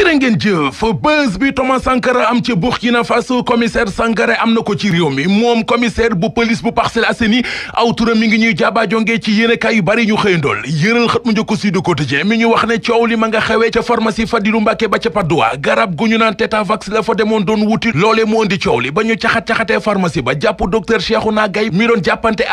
jërë ngeen jëf bës bi Thomas Sankara am ca Burkina Faso commissaire Sankara am na ko ci réew mi moom commissaire bu police bu Parcelles Assainies aw mi ngi ñuy jaaba ci yéenekaay bari ñu xëyandool yëral xët mu njëkk Sud Quotidien mi ñu wax ne coow li ma nga xewee ca pharmacie Fadilou Mbacké ba ca Padoua garab gu ñu naan Tetavax la fa demoon doon wuti loolee mu indi coow li ba ñu caxat-caxatee pharmacie ba jàpp docteur Cheikhouna Gaye mi doon jàppante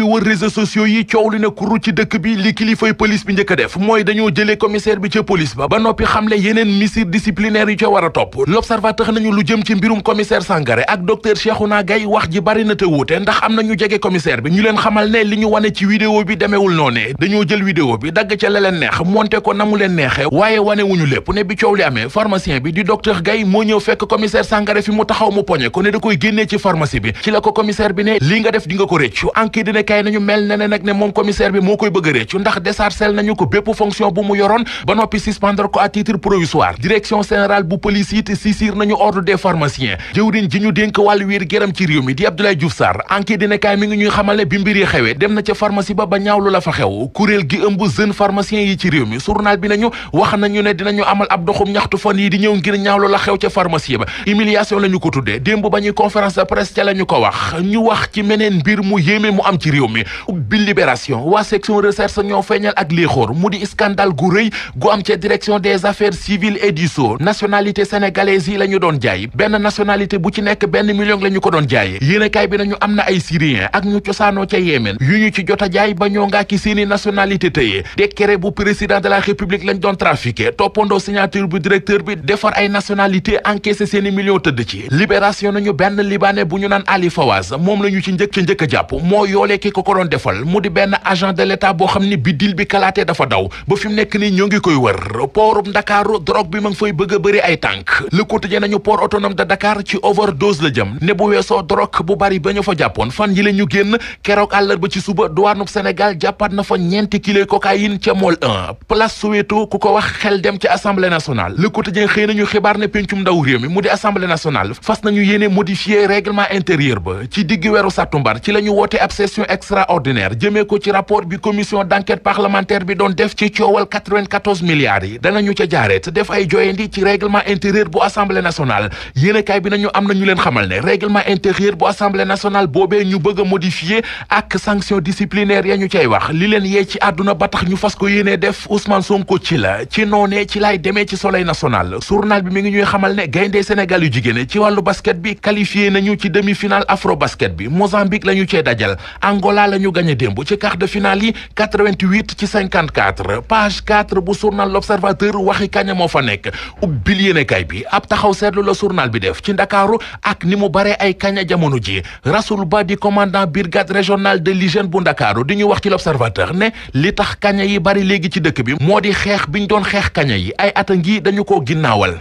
bi wër réseaux sociaux yi coow li ne kuru ci dëkk bi li kilifay police bi njëkk def mooy dañoo jëlee commissaire bi ca police ba ba noppi xamle yeneen misir disciplinaire yu ca war a topp l'observateur nañu lu jëm ci mbirum commissaire Sangaré ak docteur Cheikhouna Gaye wax ji bari na te wuute ndax am na ñu jege commissaire bi ñu leen xamal ne li ñu wane ci vidéo bi demewul noonee dañoo jël vidéo bi dagg ca la leen neex monté ko na mu leen neexee waaye wane wuñu lépp ne da koy génnee ci pharmacie bi ci la ko commissaire bi ne li nga def di kay nañu mel ne ne nag ne moom commissaire bi moo koy bëgg a réccu ndax déchargé nañu ko bépp fonction bu mu yoroon ba noppi suspendre ko à titre provisoire direction générale bu police it nañu ordre des pharmaciens jëwriñ ji ñu dénk wàllu wér géram ci réew mi di Abdoulaye Diouf Sarr enquête dina mi ngi ñuy xamal bi mbir xewee dem na ca pharmacie ba ba ñaawlu la fa xew kuréel gi ëmb jeune pharmacien yi ci réew mi journal bi nañu wax nañu ne dinañu réew mi bi libération waa section recherche ñoo feeñal ak lii xóor mu di scandale gu rëy gu am ca direction des affaires civiles et nationalité sénégalaise yi doon jaay benn nationalité bu ci nekk benn million la ko doon jaay yéenekaay bi nañu am na ay syrien ak ñu cosaanoo ca Yémen yu ñu ci jot a jaay ba ñoo ngaa ki seeni nationalité tëye décret bu président de la république lañ doon trafiqué toppandoo signature bu directeur bi defar ay nationalité encaissé seeni million bu ñu naan Ali la ci njëkk ci njëkk a ki ko ko doon defal mu di benn agent de l'état boo xam ni bidil bi kalaatee dafa daw ba fi mu nekk nii ñoo ngi koy wër porub ndakaaru drogue bi ma ngi fay bëgg a bëri ay tànk le quotidien nañu port autonome de Dakar ci overdose la jëm ne bu weesoo drogue bu bari ba ñu fa jàppoon fan yi la ñu génn keroog àllarba ci suba douane Sénégal jàppaat na fa ñeenti kilo cocaïne ca mool 1 place Soweto ku ko wax xel dem ci assemblée nationale le quotidien xëy nañu xibaar ne pencum ndaw réew mi mu di assemblée nationale fas nañu yéene modifier règlement intérieur ba ci digg weeru sàttumbar ci la ñu woote extraordinaire jëmee ko ci rapport bi commission d'enquête parlementaire bi doon def ci coowal 94 milliards yi danañu ci jaaree te def ay joyandi ci règlement intérieur bu assemblée nationale kay bi nañu amna ñu leen xamal né règlement intérieur bu assemblée nationale bobé ñu bëgg modifier ak sanction disciplinaire ya ñu cay wax li leen yee ci aduna ba tax ñu fas ko yene def Ousmane Sonko ci la ci noné ci lay démé ci soleil national journal bi mi ngi ñuy xamal né gaynde Sénégal yu jigéen ci walu basket bi qualifié nañu ci demi-finale afro basket bi Mozambique la ñu cee dajal Angola la ñu gagné démb ci quart de finale yi 88 ci 54 page 4 bu journal l'Observateur waxi kaña moo fa nekk ubbil yéenekaay bi ab taxaw seetlu la journal bi def ci Ndakaaru ak ni mu bare ay kaña jamono ji Rasoul Ba di commandant brigade régionale de l'hygiène bu Ndakaaru diñu wax ci l'Observateur ne li tax kaña yi bari léegi ci dëkk bi moo di xeex bi ñu doon xeex kaña yi ay ata ngi dañu ko ginnaawal